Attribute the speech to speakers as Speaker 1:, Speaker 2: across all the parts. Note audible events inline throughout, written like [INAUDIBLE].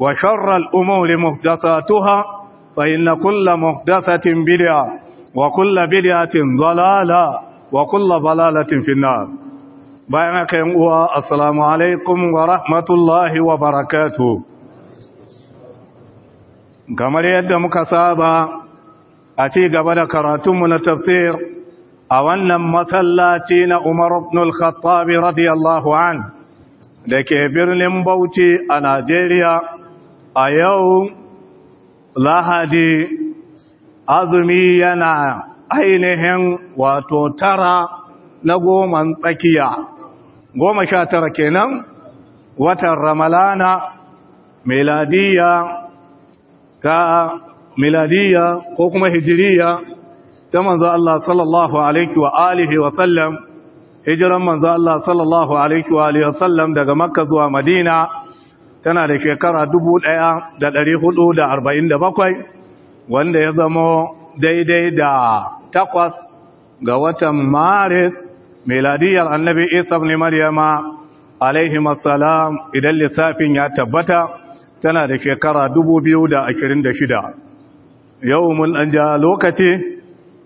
Speaker 1: وشر الأمور مهدساتها فإن كل مهدسة بدعة وكل بدعة ضلالة وكل ضلالة في النار بينك يمقوى السلام عليكم ورحمة الله وبركاته كما يد مكسابة أتي قبل كراتم التفسير أولا مسلاتين عمر بن الخطاب رضي الله عنه da ke birnin bauchi a najeriya a yau lahadi azumi yana ainihin wato tara na goman tsakiya goma sha tara kenan watan ramalana meladiya ta miladiya ko kuma hijiriya ta manzo Allah sallallahu alaihi wa alihi wa sallam hijiran manzo Allah sallallahu alaihi wa alihi wa sallam daga makka zuwa madina tana da shekara 1447 wanda ya zama daidai da takwas ga watan maris meladiyar annabi isa ne maryama alaihi idan lissafin ya tabbata tana da shekara 2026 yau mun ɗan ja lokaci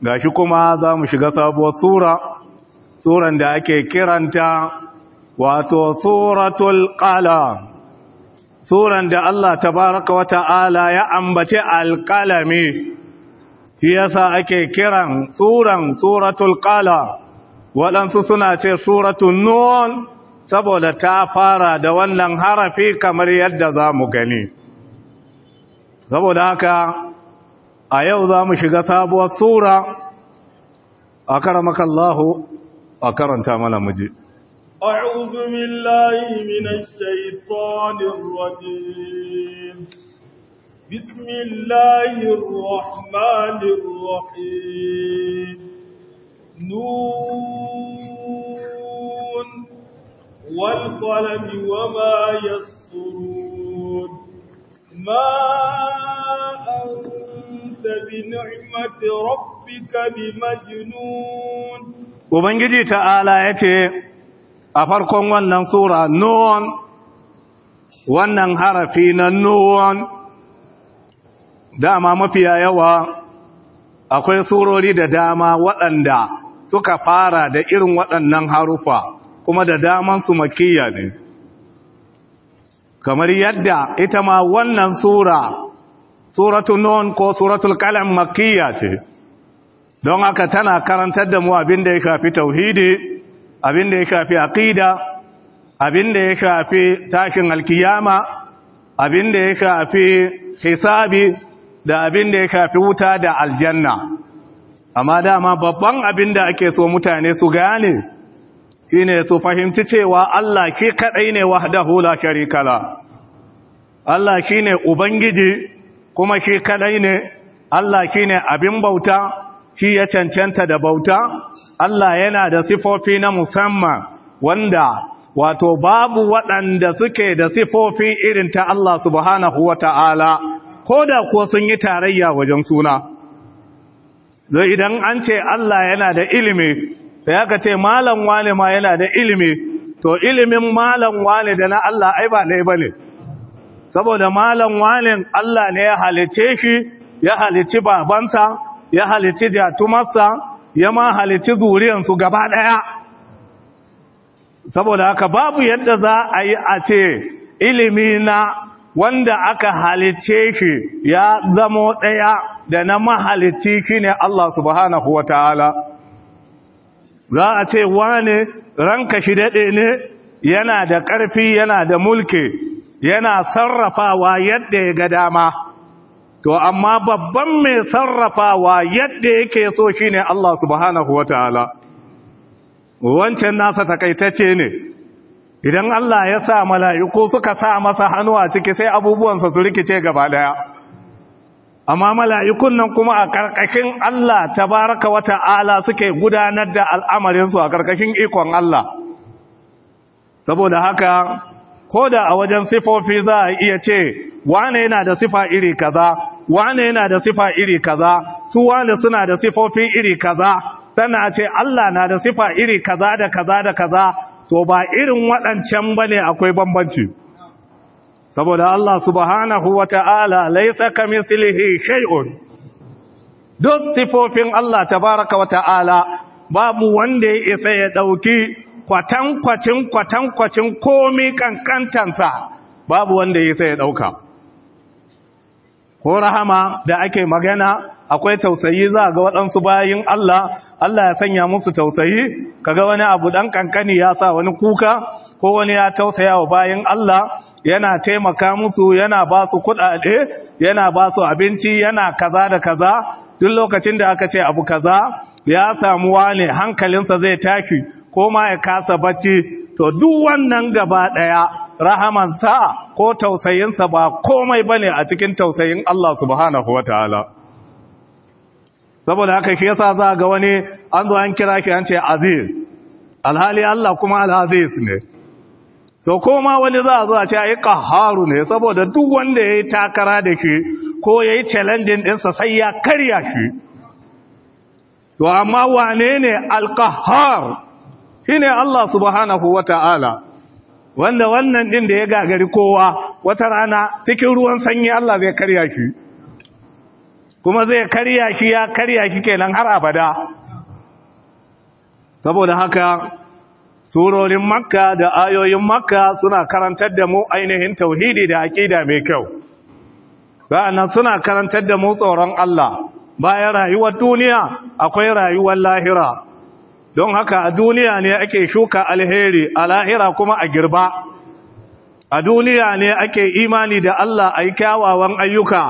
Speaker 1: ga shi kuma za mu shiga sabuwar sura suran da ake kiranta wato suratul qalam suran da Allah baraka wa ta'ala ya ambace alƙalami shi yasa ake kiran suran suratul ƙala waɗansu suna ce suratun nun saboda ta fara da wannan harafi kamar yadda za mu gani saboda haka a yau za mu shiga sabuwar sura a karamakallahu a karanta mana je. أعوذ بالله من الشيطان الرجيم بسم الله الرحمن الرحيم نون والقلم وما يسطرون ما أنت بنعمة ربك بمجنون وبنجدي تعالى يتي a farkon wannan sura nun wannan harafi na nun dama mafiya yawa akwai surori da dama waɗanda suka fara da irin waɗannan harufa kuma da daman su makiyya ne kamar yadda ita ma wannan sura suratun nun ko suratul kalan makiyya ce don haka tana karantar da mu abin da ya shafi tauhidi abin da ya shafi aqida abin da ya shafi tashin alkiyama abin da ya shafi hisabi da abin da ya shafi wuta da aljanna amma dama babban abin da ake so mutane su gane shine su fahimci cewa Allah shi kadai ne wahdahu la sharika la Allah shine ubangiji kuma shi kadai ne Allah shine abin bauta shi ya cancanta da bauta Allah yana da sifofi na musamman wanda wato babu waɗanda suke da sifofi irin ta Allah subhanahu wa ta'ala ko da kuwa sun yi tarayya wajen suna Zai idan an ce Allah yana da ilimi da ya ce malam wane ma yana da ilimi to ilimin malam wane da na Allah ai ba ɗaya ba ne saboda malam wane Allah ne ya halice shi ya halici babansa ya halici jatumarsa ya ma halici zuriyansu gaba ɗaya saboda haka babu yadda za a yi a ce ilimi na wanda aka halice shi ya zamo ɗaya da na mahalici shi ne Allah subhanahu wa ta'ala za a ce wane ranka shi daɗe ne yana da ƙarfi yana da mulki yana sarrafawa yadda ya ga dama to amma babban mai sarrafawa yadda yake so shine Allah subhanahu ta'ala wancan nasa takaitacce ne idan Allah ya sa mala'iku suka sa masa hannu a ciki sai abubuwansa su rikice gaba daya amma mala'ikun nan kuma a karkashin Allah ta wa wata'ala suke gudanar da al'amarinsu a karkashin ikon Allah saboda haka ko da a wajen sifofi za a iya ce wane yana da sifa iri kaza wane yana da sifa iri kaza su wane suna da sifofi iri kaza Sana ce Allah na da sifa iri kaza da kaza da kaza to ba irin waɗancan bane akwai bambanci saboda Allah subhanahu wata'ala laysa kamithlihi shay'un duk sifofin Allah tabaaraka wata'ala babu wanda ya isa ya dauki kwatankwacin kwatankwacin komai kankantansa babu wanda ya isa ya dauka ko rahama da ake magana akwai tausayi za ga waɗansu bayin Allah Allah ya sanya musu tausayi kaga wani abu ɗan ƙanƙani ya sa wani kuka ko wani ya tausaya wa bayan Allah yana taimaka musu yana ba su kuɗaɗe yana ba su abinci yana kaza da kaza duk lokacin da aka ce abu kaza ya samu ne hankalinsa zai tafi ko ma ya kasa bacci to duk wannan gaba ɗaya rahamansa ko tausayinsa ba komai bane a cikin tausayin Allah subhanahu wataala saboda haka shi yasa za ga wani an zo an kira shi an ce aziz alhali Allah kuma al-aziz ne to koma wani za a zo a ce ai qaharu ne saboda duk wanda yayi takara da shi ko yayi challenging ɗinsa sai ya karya shi to amma wane ne alqahar shine Allah subhanahu wataala wanda wannan din da ya gagari kowa wata rana cikin ruwan sanyi Allah zai karya shi kuma zai karya shi ya karya shi kenan har abada saboda haka surorin makka da ayoyin makka suna karantar da mu ainihin tauhidi da aƙida mai kyau sa'annan suna karantar da mu tsoron Allah bayan rayuwar duniya akwai rayuwar lahira don haka a duniya ne ake shuka alheri a lahira kuma a girba a duniya ne ake imani da Allah a yi kyawawan ayyuka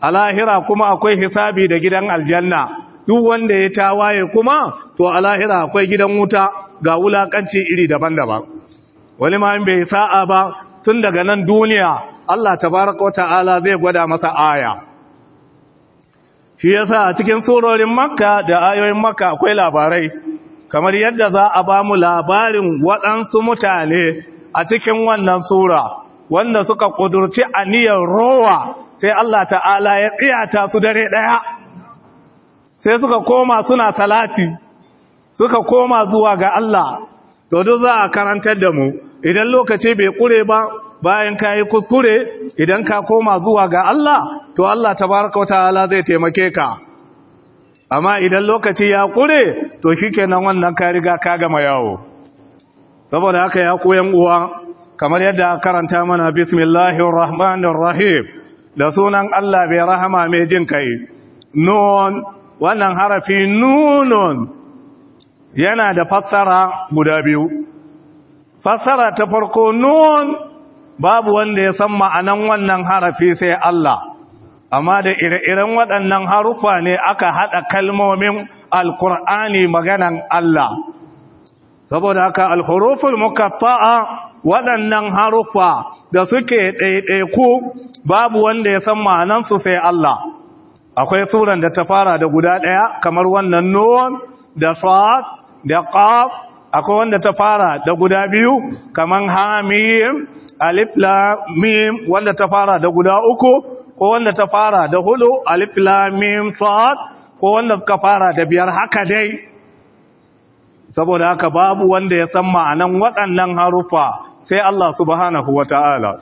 Speaker 1: a lahira kuma akwai hisabi da gidan aljanna duk wanda ya tawaye kuma to a lahira akwai gidan wuta ga wulakanci iri daban-daban wani ma bai sa'a ba tun daga nan duniya Allah tabaraka wa ta'ala zai gwada masa aya shi yasa a cikin surorin makka da ayoyin makka akwai labarai kamar yadda za a ba mu labarin waɗansu mutane a cikin wannan sura wanda suka ƙudurci aniyar rowa sai Allah ta'ala ya tsiyata su dare ɗaya sai suka koma suna salati suka koma zuwa ga Allah to duk za a karantar da mu idan lokaci bai ƙure ba bayan ka yi kuskure idan ka koma zuwa ga Allah to Allah tabaraka Ta'ala zai taimake ka amma idan lokaci ya ƙure to shi shikenan wannan ka riga ka gama yawo saboda haka ya koyan uwa kamar yadda karanta mana bismillahir rahmanir rahim da sunan Allah bai rahama mai jin kai nun wannan harafi nunun yana da fassara guda biyu fassara ta farko nun babu wanda ya san ma'anan wannan harafi sai Allah amma da ire-iren waɗannan haruffa ne aka haɗa kalmomin alkur'ani maganan Allah saboda haka alhuruful muqatta'a waɗannan harufa da suke ɗaiɗaiku babu wanda ya san ma'anansu sai Allah akwai suran da ta fara da guda ɗaya kamar wannan nun da sad da qaf akwai wanda ta fara da guda biyu kamar hamim alif lam mim wanda ta fara da guda uku ko wanda ta fara da hudu alif lam mim ko wanda suka fara da biyar haka dai saboda haka babu wanda ya san ma'anan waɗannan harufa sai Allah subhanahu wata'ala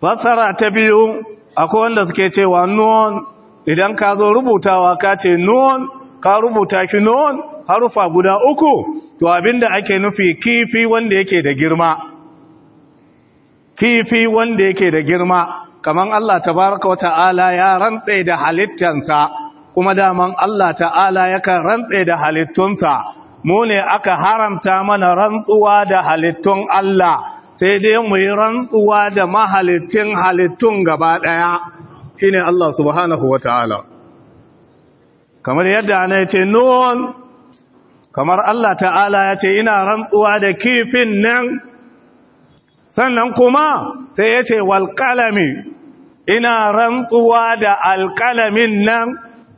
Speaker 1: Fasara ta biyu akwai wanda suke cewa nun idan ka zo rubutawa ka ce nun ka rubuta shi nun harufa guda uku to abinda ake nufi kifi wanda yake da girma kifi wanda yake da girma kaman Allah tabaraka wa ta'ala ya rantse da halittansa kuma daman Allah ta'ala kan rantse da halittunsa mu ne aka haramta mana rantsuwa da halittun Allah sai dai mu yi rantsuwa da mahalittin halittun gaba ɗaya shine Allah subhanahu wa ta'ala kamar yadda ana ce nun kamar Allah ta'ala ya ce ina rantsuwa da kifin nan sannan kuma sai ya ce walƙalami ina rantsuwa da alƙalamin nan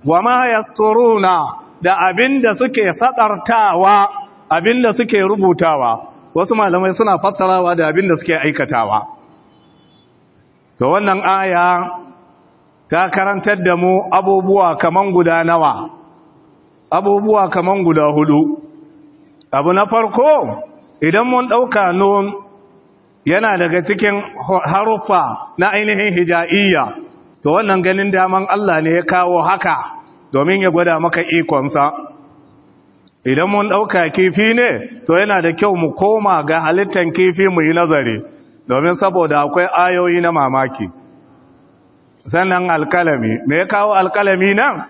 Speaker 1: wa ma yasturuna da abinda suke abin abinda suke rubutawa wasu malamai suna fassarawa da abinda suke aikatawa to wannan aya ta karantar da mu abubuwa kaman guda nawa abubuwa kaman guda hudu abu na farko idan mun dauka nun yana daga cikin haruffa na ainihin hija'iyya to wannan ganin daman Allah ne ya kawo haka domin ya gwada maka ikonsa idan mun ɗauka kifi ne to yana da kyau mu koma ga halittar kifi mu yi nazari domin saboda akwai ayoyi na mamaki sannan alkalami me ya kawo alkalami nan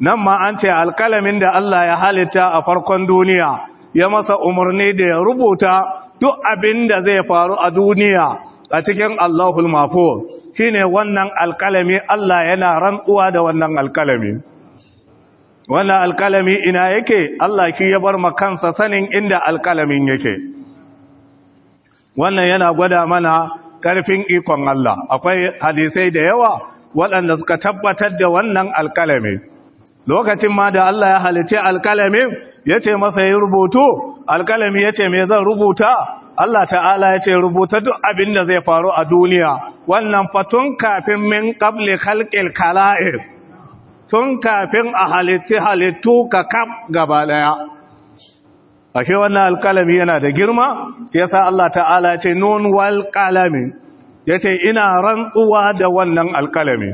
Speaker 1: nan ma an ce alkalamin da Allah ya halitta a farkon duniya ya masa umarni da ya rubuta duk abin da zai faru a duniya a cikin Allahul Mafur shi ne wannan alkalami Allah yana rantsuwa da wannan alkalami. Wannan alkalami ina yake Allah shi ya bar makansa sanin inda alkalamin yake. Wannan yana gwada mana ƙarfin ikon Allah, akwai hadisai da yawa waɗanda suka tabbatar da wannan alkalami. lokacin ma da Allah ya halice alkalamin ya ce masa ya rubutu alkalami ya ce me zan rubuta Allah ta'ala ya ce rubuta duk abin da zai faru a duniya wannan fa tun kafin min kable khalqil kala'ir tun kafin a halitti halittu ka kaf gaba daya ashe wannan alkalami yana da girma Ya sa Allah ta'ala ya ce nun wal Ya ce ina rantsuwa da wannan alkalami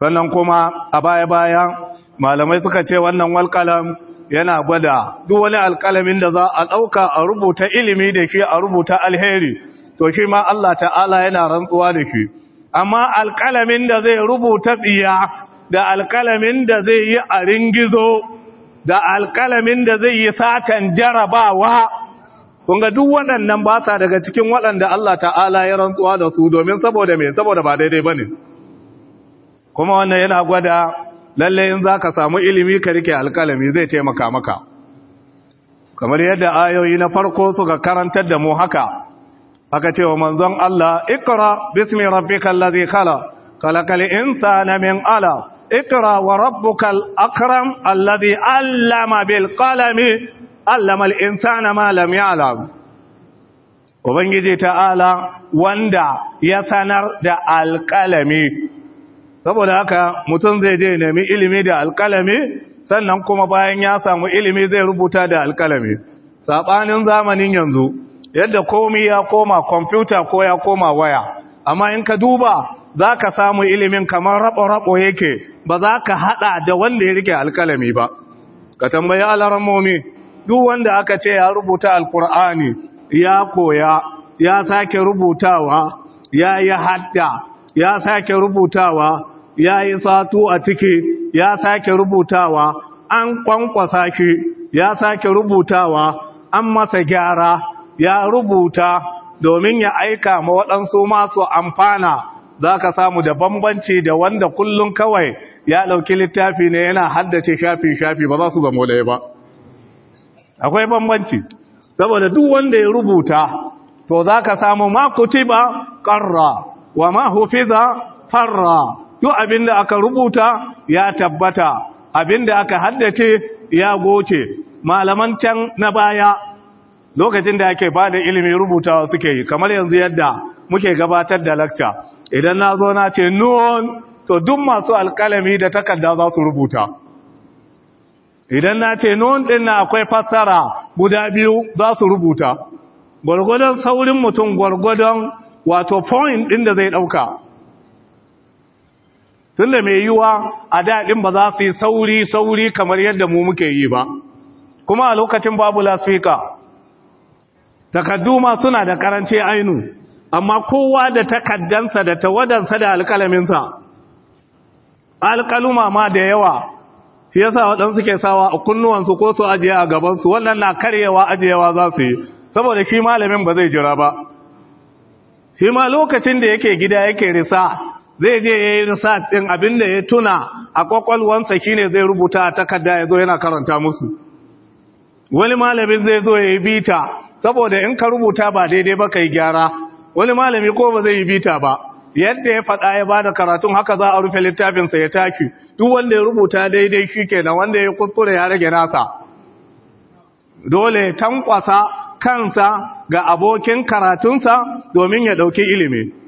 Speaker 1: sannan kuma a baya baya malamai suka ce wannan walƙalam yana gwada duk wani alƙalamin da za a ɗauka a rubuta ilimi da shi a rubuta alheri to shi ma Allah ta'ala yana rantsuwa da shi amma alƙalamin da zai rubuta tsiya da alƙalamin da zai yi a ringizo da alƙalamin da zai yi satan jarabawa kunga duk waɗannan ba sa daga cikin waɗanda Allah ta'ala ya rantsuwa da su domin saboda mai saboda ba daidai bane kuma wannan yana gwada Lallai in zaka samu ilimi ka rike alkalami zai taimaka maka kamar yadda ayoyi na farko suka karantar da mu haka aka ce wa manzon Allah ikra bismi rabbikal ladhi khala khalaqal insana min ala ikra wa rabbukal akram alladhi allama bil qalami allama al insana ma lam ya'lam ubangiji ta'ala wanda ya sanar da alkalami saboda haka mutum zai je nemi ilimi da alkalami sannan kuma bayan ya samu ilimi zai rubuta da alkalami sabanin zamanin yanzu yadda komi ya koma kwamfuta ko ya koma waya amma in ka duba za ka samu ilimin kamar rabo-rabo yake ba za ka hada da wanda ya rike alkalami ba ka tambayi momi duk wanda aka ce ya rubuta alkur'ani ya koya ya sake rubutawa ya yi hadda ya sake rubutawa ya yi sato a ciki ya sake rubutawa an kwankwasa shi ya sake rubutawa an masa gyara ya rubuta domin ya aika ma waɗansu masu amfana za ka samu da bambanci da wanda kullum kawai ya ɗauki littafi ne yana haddace shafi-shafi ba za su zama wadai ba akwai bambanci saboda duk wanda ya rubuta to za ka samu makuti ba ƙarra wa ma hufiza farra duk abin da aka rubuta ya tabbata abin da aka haddace ya goce malaman can na baya lokacin da ake bada ilimi rubutawa suke yi kamar yanzu yadda muke gabatar da lakta idan na zo na ce nun to duk masu alkalami da takarda za su rubuta idan na ce nun din na akwai fassara guda biyu za su rubuta gwargwadon saurin mutum gwargwadon wato point din da zai dauka Tunda da mai yiwa a daɗin ba za su yi sauri-sauri kamar yadda mu muke yi ba kuma a lokacin babu lasfika Takardu ma suna da karance ainu amma kowa da takaddansa da tawadansa da alƙalaminsa alƙaluma ma da yawa shi yasa waɗansu ke sawa a kunnuwansu ko su ajiye a gabansu wannan na karyewa ajiyewa za su yi saboda shi malamin ba zai jira ba shi ma lokacin da yake gida yake risa zai je ya yi research ɗin abin da ya tuna a ƙwaƙwalwansa shi ne zai rubuta a takarda ya zo yana karanta musu wani malamin zai zo ya yi bita saboda in ka rubuta ba daidai ba ka yi gyara wani malami ko ba zai yi bita ba yadda ya faɗa ya ba da karatun haka za a rufe littafinsa ya tashi. duk wanda ya rubuta daidai shi kenan wanda ya kuskure ya rage nasa dole tankwasa kansa ga abokin karatunsa domin ya ɗauki ilimi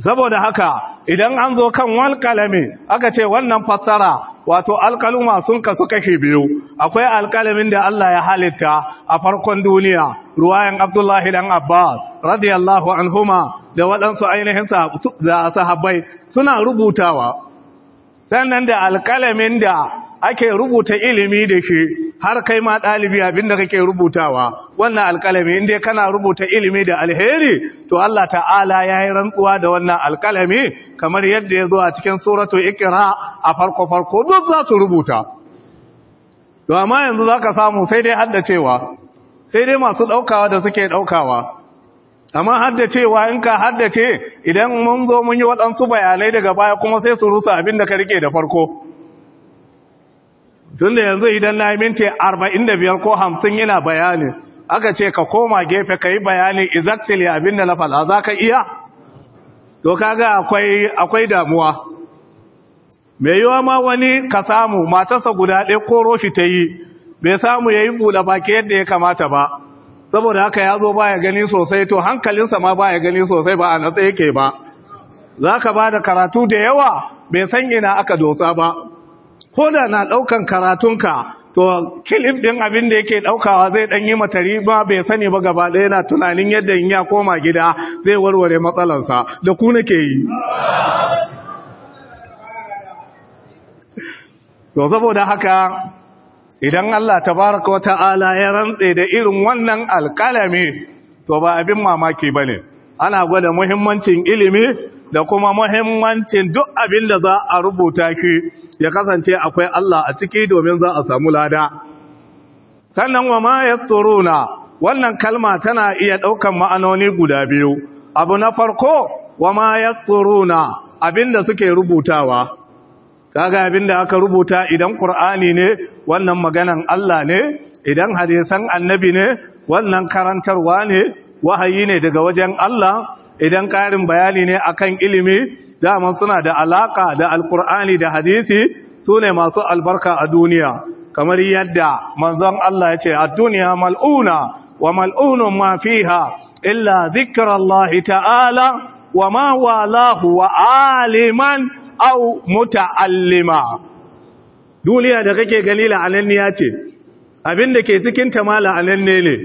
Speaker 1: saboda haka idan an zo kan kalami aka ce wannan fassara wato alkaluma sun kasu kashi biyu akwai alkalamin da Allah ya halitta a farkon duniya ruwayan Abdullahi dan Abbas radiyallahu anhuma da waɗansu ainihin sahabbai suna rubutawa sannan da alkalamin da ake rubuta ilimi da shi har kai ma ɗalibi abinda kake rubutawa wannan alƙalami inda kana rubuta ilimi da alheri to Allah ta'ala ya yi rantsuwa da wannan alƙalami kamar yadda ya zo a cikin suratu ikira a farko-farko duk za su rubuta to amma yanzu za ka samu sai dai haddacewa sai dai masu ɗaukawa da suke ɗaukawa amma haddacewa in ka haddace idan mun zo mun yi waɗansu bayanai daga baya kuma sai su rusa abin da ka rike da farko tun da yanzu idan na yi minti arba'in da biyar ko hamsin yana bayani aka ce ka koma gefe ka yi bayani exactly abin da na fala za ka iya to kaga akwai akwai damuwa mai yiwa ma wani ka samu matarsa guda ɗaya ko roshi ta yi bai samu ya yi bula baki yadda ya kamata ba saboda haka ya zo ba gani sosai to hankalinsa ma ba ya gani sosai ba a natsa yake ba za ka ba da karatu da yawa bai san ina aka dosa ba ko da na ɗaukan karatunka to kilif ɗin abin da yake ɗaukawa zai ɗan yi mata riba bai sani ba gaba ɗaya na tunanin yadda in ya koma gida zai warware matsalarsa da ku nake yi to saboda haka idan Allah Ta tabaraka wata'ala ya rantse da irin wannan alƙalami to ba abin mamaki bane ana gwada muhimmancin ilimi da kuma muhimmancin duk abin da za a rubuta shi ya kasance akwai Allah a ciki domin za a samu lada sannan wa ma wannan kalma tana iya ɗaukan ma'anoni guda biyu abu na farko wa ma abin abinda suke rubutawa kaga abinda aka rubuta idan Kur'ani ne wannan maganan Allah ne idan hadisan annabi ne wannan karantarwa ne wahayi ne daga wajen Allah idan ƙarin bayani ne akan ilimi dama suna da alaka da alkur'ani da hadisi su ne masu albarka a duniya kamar yadda manzon Allah ya ce a duniya mal'una wa mal'unun ma fiha illa zikrallahi ta'ala wa ma walahu wa aliman au muta'allima duniya da kake gani la'ananniya ce abin da ke cikin ta ma la'ananne ne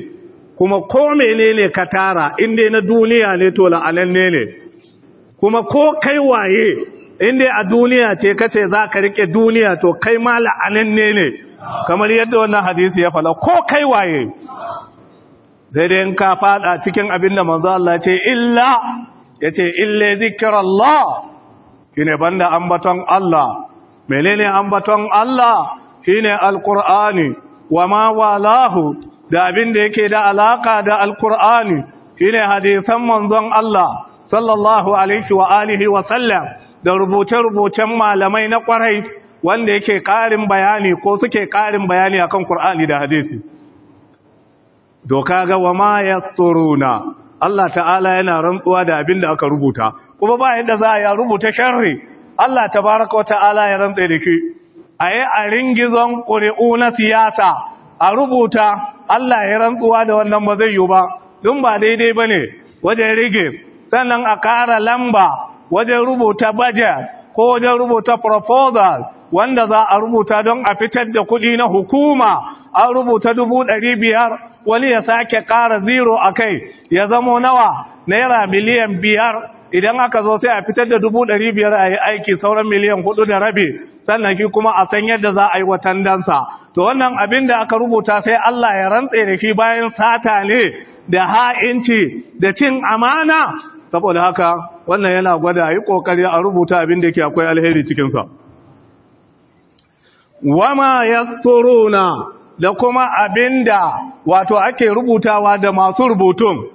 Speaker 1: kuma ko menene ka tara in dai na duniya ne to la'ananne ne kuma ko kai waye inda a duniya ce kace za ka rike duniya to kai ma la'ananne ne kamar yadda wannan hadisi ya fada ko kai waye sai dai in ka fada cikin abin da manzo Allah ce illa yace illa ne kine banda ambaton Allah menene ambaton Allah shine alqur'ani wama walahu da abin da yake da alaka da alqur'ani shine hadisan manzon Allah sallallahu alaihi wa alihi wa sallam da rubuce-rubucen malamai na kwarai wanda yake ƙarin bayani ko suke ƙarin bayani akan Qur'ani da hadisi doka ga wa ma yasturuna Allah ta'ala yana rantsuwa da abin da aka rubuta kuma ba yadda za a ya rubuta sharri Allah Wa ta'ala ya rantsa da shi a yi a ringizon ƙuri'u na siyasa a rubuta Allah ya rantsuwa da wannan ba zai yi ba Dun ba daidai bane ne wajen rige sannan a ƙara lamba wajen rubuta budget ko wajen rubuta proposal wanda za a rubuta don a fitar da kuɗi na hukuma an rubuta dubu ɗari biyar wani ya sake ƙara zero a kai ya zamo nawa naira miliyan biyar idan aka zo sai a fitar da dubu ɗari biyar a yi aiki sauran miliyan hudu da rabi sannan shi kuma a san yadda za a yi watan dansa to wannan abin da aka rubuta sai Allah ya rantse da shi bayan sata ne da ha'inci da cin amana saboda haka wannan yana gwada yi kokari a rubuta abin da ke akwai alheri cikinsa wama na da kuma abin da wato ake rubutawa da masu rubutun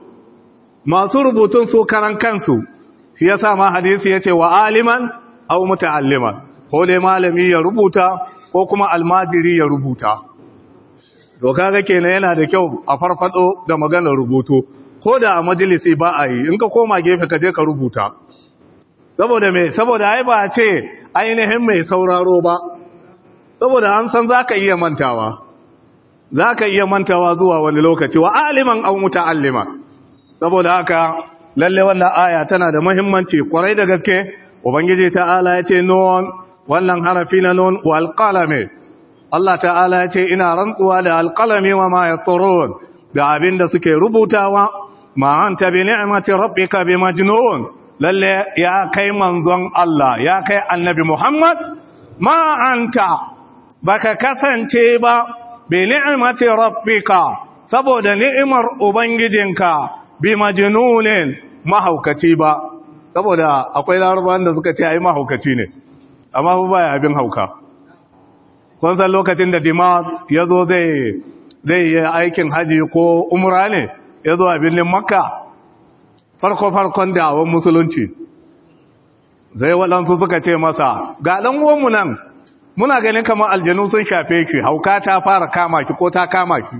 Speaker 1: masu rubutun su karan kansu shi yasa sama hadisi ce wa aliman aw muta'alliman ko dai malami ya rubuta ko kuma almajiri ya rubuta to kaga kenan yana da kyau a farfado da maganar rubutu ko da a majalisi ba a yi in ka koma gefe ka je ka rubuta saboda mai saboda ai ba ce ainihin mai sauraro ba saboda an san za ka iya mantawa za ka iya mantawa zuwa wani lokaci wa aliman aw muta'allima saboda haka lalle wannan aya tana da muhimmanci kwarai da gaske ubangiji ta'ala ce nun wannan harafi na nun wal qalami Allah ta'ala ce ina rantsuwa da alqalami wa ma yatturun da abinda suke rubutawa ma anta bi ni'mati rabbika bi majnun lalle ya kai manzon Allah ya kai annabi Muhammad ma anta baka kasance ba bi ni'mati rabbika saboda ni'imar ubangijinka bi majnunin mahaukaci ba saboda akwai larabawan da suka ce ai mahaukaci ne amma ba ya abin hauka kun san lokacin da dimas ya zo zai zai yi aikin haji ko umra ne ya zo a birnin makka farko-farkon awon musulunci zai waɗansu suka ce masa ga ɗan'uwanmu nan muna ganin kamar aljanu sun shafe shi hauka ta fara kama shi ko ta kama shi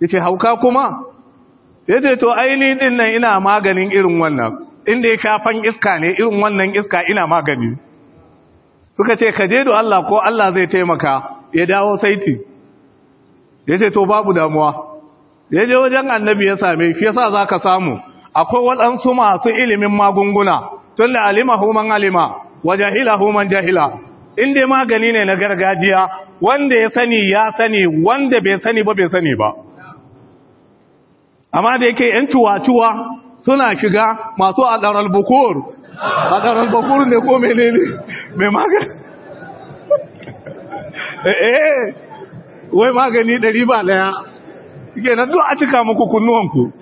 Speaker 1: ya ce hauka kuma ya ce to aini ɗin nan ina maganin irin wannan inda ya shafan iska ne irin wannan iska ina magani suka ce ka je da Allah ko Allah zai taimaka ya dawo saiti ya ce to babu damuwa ya je wajen annabi ya same shi yasa zaka samu akwai waɗansu masu ilimin magunguna tun da alimahu man alima wa jahilahu man jahila in dai magani ne na gargajiya wanda ya sani ya sani wanda bai sani ba bai sani ba amma da yake yan cuwa-cuwa suna shiga masu adaral bukur adaral bukur ne ko menene mai magani [LAUGHS] eh, eh wai magani ɗari ba ɗaya suke na duk a cika muku kunnuwanku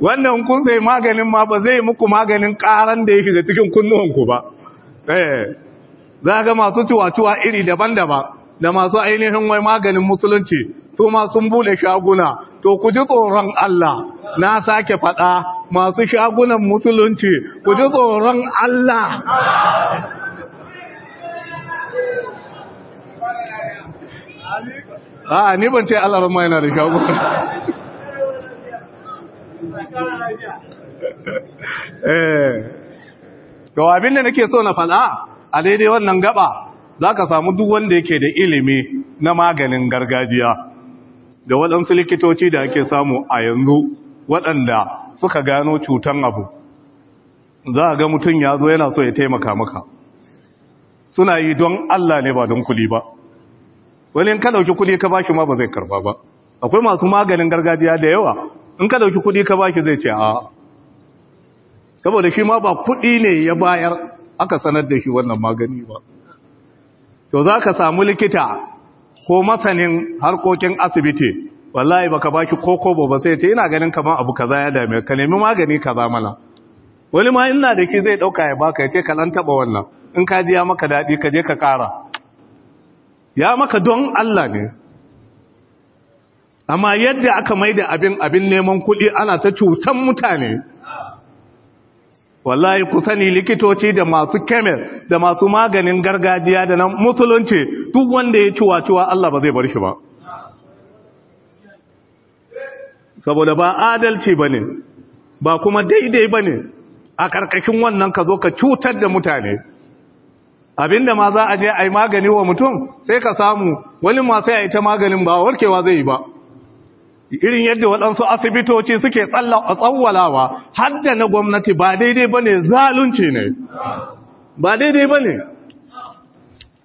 Speaker 1: wannan kun sai maganin ma ba zai muku maganin karan da ya shiga cikin kunnuwanku ba eh za ga masu tuwa-tuwa iri daban-daban da masu ainihin wai maganin musulunci su ma sun bude shaguna to ku ji tsoron Allah na sake faɗa masu shagunan musulunci ku ji tsoron Allah a ni ban ce Allah ma yana da kyau eh to abin da nake so na fada a daidai wannan gaba ka samu duk wanda yake da ilimi na maganin gargajiya da waɗansu likitoci da ake samu a yanzu waɗanda suka gano cutan abu za ga mutum ya zo yana so ya taimaka maka suna yi don Allah ne ba don kuli ba wani ka dauki kudi ka bashi ma ba zai karba ba akwai masu maganin gargajiya da yawa in ka dauki kudi ka bashi zai ce a saboda shi ma ba kudi ne ya bayar aka sanar da shi wannan magani ba to za ka samu likita ko masanin harkokin asibiti wallahi baka ko koko ba sai ce ina ganin kamar abu kaza ya dame ka nemi magani kaza mana wani ma ina da shi zai dauka ya baka ya ce ka dan taba wannan in ka ji ya maka dadi ka je ka kara ya maka don Allah ne amma yadda aka maida abin abin neman kuɗi ana ta cutan mutane wallahi ku sani likitoci da masu kemel da masu maganin gargajiya da na musulunci duk wanda ya ci wacewa Allah ba zai bar shi ba saboda ba adalci ba ne ba kuma daidai ba ne a ƙarƙashin wannan ka zo ka cutar da mutane abinda ma za a je a yi magani wa mutum sai ka samu wani ma sai a yi ta maganin ba warkewa zai yi ba irin yadda waɗansu asibitoci suke tsawwalawa har da na gwamnati ba daidai ba ne zalunci ne ba daidai ba ne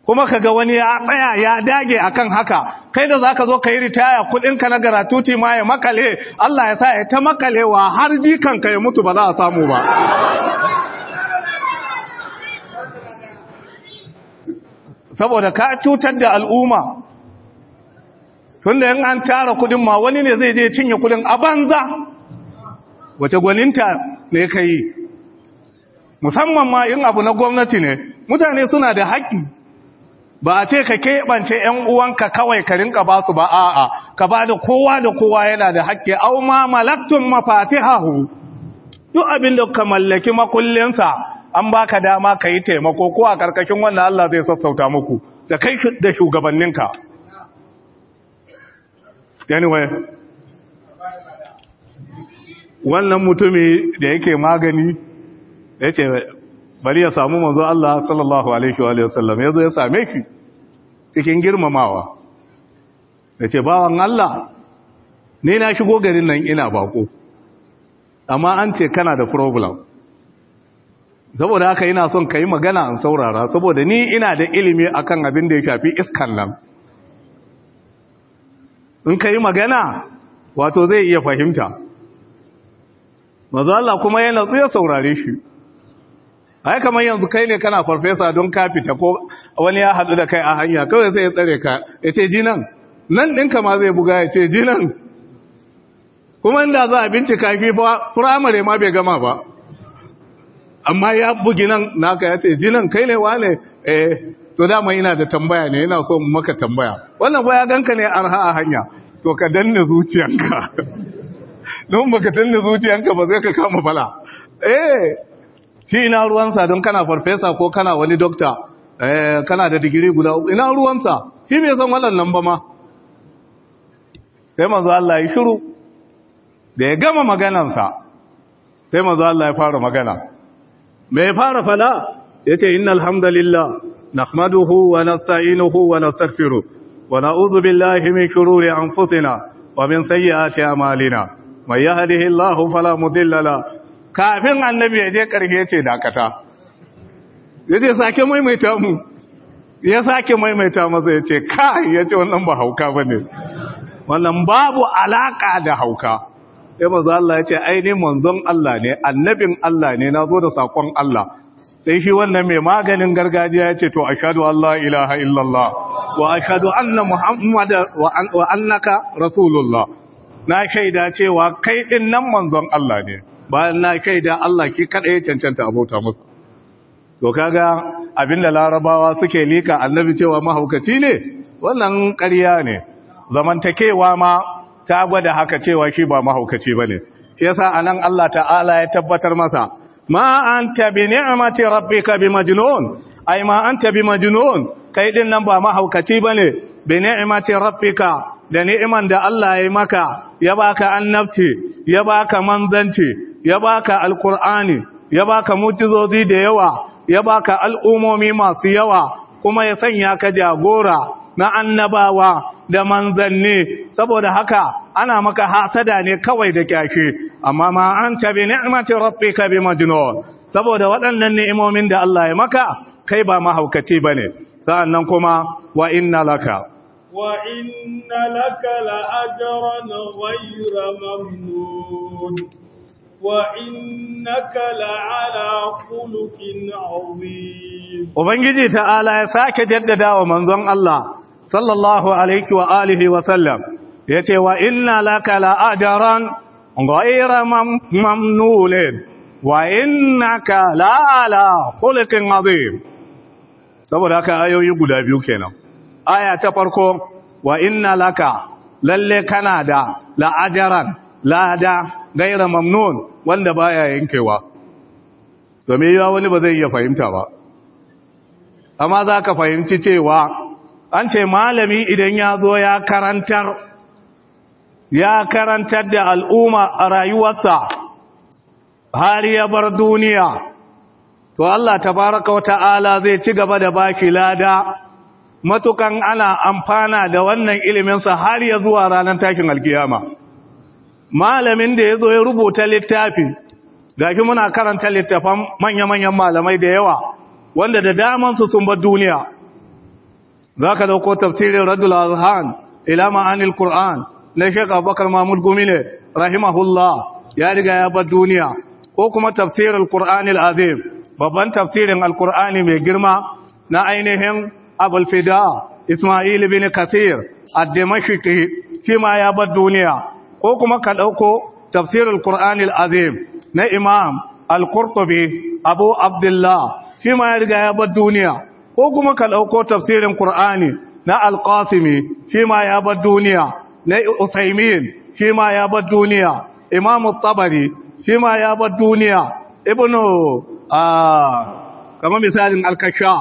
Speaker 1: kuma ka ga wani ya tsaya ya dage akan haka kai da za ka zo ka yi ritaya kuɗinka na garatuti ma ya makale Allah ya sa ya ta makalewa har jikanka ya mutu ba za a samu ba saboda ka cutar da al'umma tunda in an tara kudin ma wani ne zai je cinye kudin a banza wace gwaninta ne ka yi musamman ma in abu na gwamnati ne mutane suna da haƙƙi ba a ce ka keɓance ‘yan uwanka kawai ka rinka ba su ba a'a ka ba da kowa da kowa yana da haƙƙi au ma malaktun mafatihahu duk abin da ka mallaki makullinsa an baka dama ka yi taimako ko a karkashin wannan Allah zai sassauta muku da kai da shugabanninka anyway wannan mutumi da yake magani ya ce bari ya samu manzo Allah sallallahu alaihi wa sallam ya zo ya same shi cikin girmamawa ya ce bawan Allah ne na shigo garin nan ina bako amma an ce kana da problem saboda haka ina son ka yi magana an saurara saboda ni ina da ilimi akan abin da ya shafi iskan nan in ka yi magana wato zai iya fahimta Allah kuma yana tsaye saurare shi ai kamar yanzu kai ne kana farfesa don ka fita ko wani ya haɗu da kai a hanya kawai sai ya tsare ka ya ce ji nan nan ɗinka ma zai buga ya ce ji nan kuma inda za a bincika fi ba firamare ma bai gama ba amma ya bugi nan naka ya ce jinan kai ne wane eh to dama ina da tambaya ne ina so maka tambaya wannan ba ya ganka ne arha a hanya to ka danna zuciyanka [LAUGHS] don baka danna zuciyanka ba zai ka kama bala eh shi ina ruwansa don kana farfesa ko kana wani dokta eh kana da digiri guda ina ruwansa shi bai san wannan nan ba ma sai manzo Allah ya shiru da ya gama maganarsa sai manzo Allah ya fara magana mai fara fala yace innal hamdalillah nahmaduhu wa nasta'inuhu wa nastaghfiruh wa na'udhu billahi min shururi anfusina wa min sayyiati a'malina may yahdihillahu fala mudilla la kafin annabi yaje karfe yace dakata yace sake maimaita mu ya sake maimaita masa yace kai yace wannan ba hauka bane wannan babu alaka da hauka sai manzo Allah ya ce ai ne manzon Allah ne annabin Allah ne na zo da sakon Allah sai shi wannan mai maganin gargajiya ya ce to ashhadu an Allah, ilaha illallah wa ashhadu anna Muhammad wa annaka rasulullah na shaida cewa kai din nan manzon Allah ne bayan na shaida Allah ki kaɗa ya cancanta abota musu. to kaga abinda larabawa suke lika annabi cewa mahaukaci ne wannan ƙarya ne zamantakewa ma ta gwada haka cewa shi ba mahaukaci ba ne shi yasa nan Allah ta'ala ya tabbatar masa ma an tabi ni'amati rabbi ka bi majnun ai ma anta bi majnun kai din nan ba mahaukaci ba bane bi rabbi ka da ni'iman da Allah ya yi maka ya baka annabci ya baka manzanci ya baka Alƙur'ani? ya baka mu'jizozi da yawa ya baka al'umomi masu yawa kuma ya sanya ka jagora na annabawa da manzanni saboda haka ana maka hasada ne kawai da kyashi amma ma anta bi ni'mati rabbika bi majnun saboda waɗannan ni'imomin da Allah ya maka kai ba mahaukaci bane sa'annan kuma wa inna laka wa inna laka la ajran ghayra mamnun وَإِنَّكَ لَعَلَى خُلُقٍ عَظِيمٍ Ubangiji ta'ala ya sake jaddada wa manzon Allah sallallahu alaihi wa alihi wa sallam yace wa inna laka la ajran ghayra mamnun wa innaka la ala khuluqin azim saboda haka ayoyi guda biyu kenan aya ta farko wa inna laka lalle kana da la ajran la da ghayra mamnun wanda baya yankewa domin yawa wani ba zai iya fahimta ba amma za ka fahimci cewa an ce malami idan ya zo ya karantar ya karantar da al'umma a rayuwarsa har ya bar duniya to Allah tabaraka wa ta'ala zai ci gaba da baki lada matukan ana amfana da wannan iliminsa har ya zuwa ranar takin alkiyama malamin da ya zo ya rubuta littafi gashi muna karanta littafan manya-manyan malamai da yawa wanda da damansu sun bar duniya za ka ɗauko tafsirin radul azhan ila ma'anil qur'an na shek abubakar mahmud gumile rahimahullah ya riga ya bar duniya ko kuma tafsirin al azim babban tafsirin alqur'ani mai girma na ainihin abul fida isma'il bin kasir ad-dimashqi shi ma ya bar duniya ko kuma ka dauko tafsirin al azim na imam al-qurtubi abu abdullah shi ma ya riga ya bar duniya ko kuma ka ɗauko tafsirin Kur'ani na Alƙasimi shi ma ya bar duniya, na Usaimin shi ma ya bar duniya, Imam Tabari shi ma ya bar duniya, Ibnu kamar misalin Alkasha,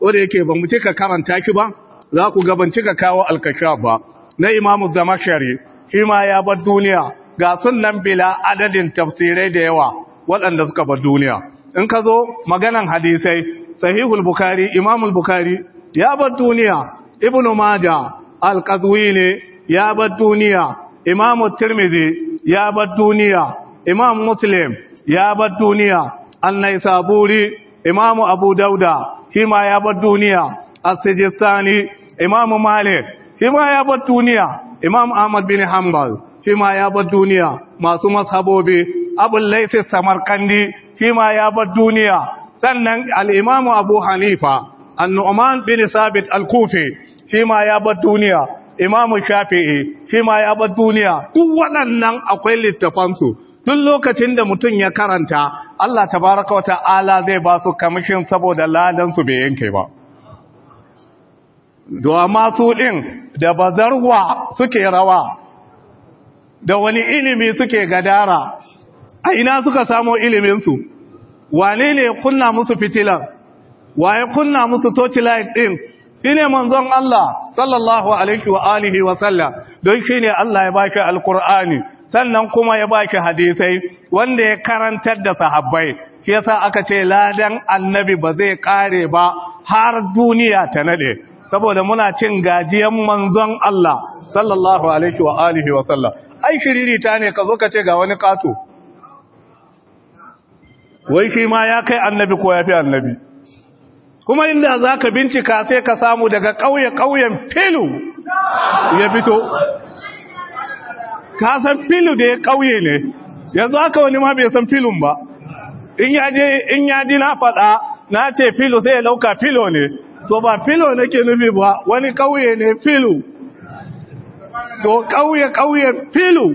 Speaker 1: wanda yake ba cika karanta shi ba, za ku gaban cika kawo Alkasha ba, na Imam Zamashari shi ma ya bar duniya, ga sunan bila adadin tafsirai da yawa waɗanda suka bar duniya. In ka zo maganan hadisai, sahihul bukari imamul bukari ya bar duniya ibnu maja alqazwini ya bar duniya imamu tirmidhi ya bar duniya imam muslim ya bar duniya annaisaburi imamu abu dauda shima ya bar duniya as-sijistani imamu malik shima ya bar duniya imam ahmad bin hanbal shima ya bar duniya masu mashabobi abul laifin samarkandi shi ma ya bar duniya sannan al'imamu abu hanifa annu'man bin sabit al-kufi shi ma ya bar duniya imamu shafi'i shi ma ya bar duniya duk waɗannan akwai littafansu Tun lokacin da mutum ya karanta Allah tabaraka wata Ala zai ba su kamishin saboda ladansu bai yanke ba da masu ɗin da bazarwa suke rawa da wani ilimi suke gadara a ina suka samo iliminsu wane ne ya kunna musu Wa ya kunna musu torchlight din shine manzon Allah sallallahu alaihi wa alihi wa sallam don shine Allah ya baki alqur'ani sannan kuma ya baki hadisai wanda ya karantar da sahabbai shi yasa aka ce ladan annabi ba zai kare ba har duniya ta nade saboda muna cin gajiyan manzon Allah sallallahu alaihi wa alihi wa sallam ai shiriri ta ne ka zo ka ce ga wani kato wai shi ma ya kai annabi ko ya fi annabi kuma inda za ka bincika sai ka samu daga ƙauye-ƙauyen filu ya fito ka san filu da ya ƙauye ne yanzu haka wani ma bai san filun ba in ya ji na faɗa na ce filu sai ya lauka filo ne to ba filo ke nufi ba wani ƙauye ne filu to ƙauye-ƙauyen filu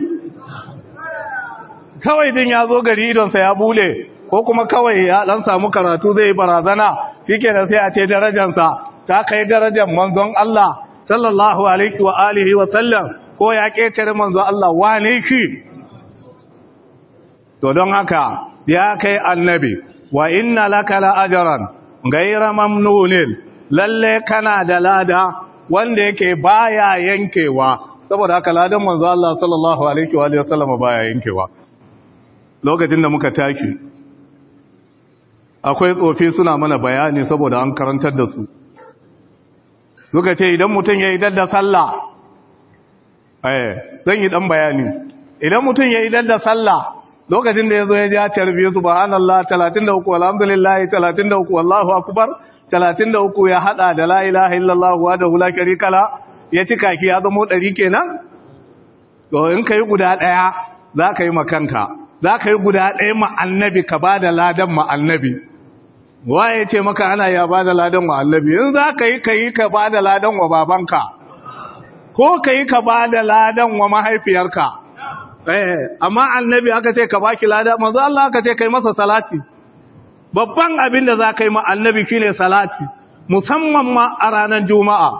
Speaker 1: kawai din ya zo gari idonsa ya bule ko kuma kawai ya dan samu karatu zai barazana shikenan sai a ce darajarsa ta kai darajar manzon Allah sallallahu alaihi wa alihi wa sallam ko ya ketare manzon Allah wane shi to don haka ya kai annabi wa inna laka la ajran ghayra mamnunil lalle kana da lada wanda yake baya yankewa saboda haka ladan manzo Allah sallallahu alaihi wa alihi sallam baya yankewa lokacin da muka tashi akwai tsofi suna mana bayani saboda an karantar da su suka ce idan mutum ya yi dadda sallah eh, zan yi dan bayani idan mutum ya yi da sallah lokacin da ya zo ya ji a uku, subhanallah 33 alhamdulillah 33 wallahu akbar 33 ya hada da la ilaha illallah wa da hula sharika kala. ya ci kaki ya zama dari kenan to in kai guda daya za ka yi makanka za ka yi guda daya ma annabi ka ba da ladan ma annabi ya ce maka ana ya ba da ladan wa annabi in za ka yi ka yi ka ba da ladan wa babanka ko ka yi ka ba da ladan wa mahaifiyarka eh, amma annabi aka ce ka ba ki Ladan. manzo Allah aka ce kai masa salati babban abin da za ka yi ma annabi shine salati musamman ma a ranar juma'a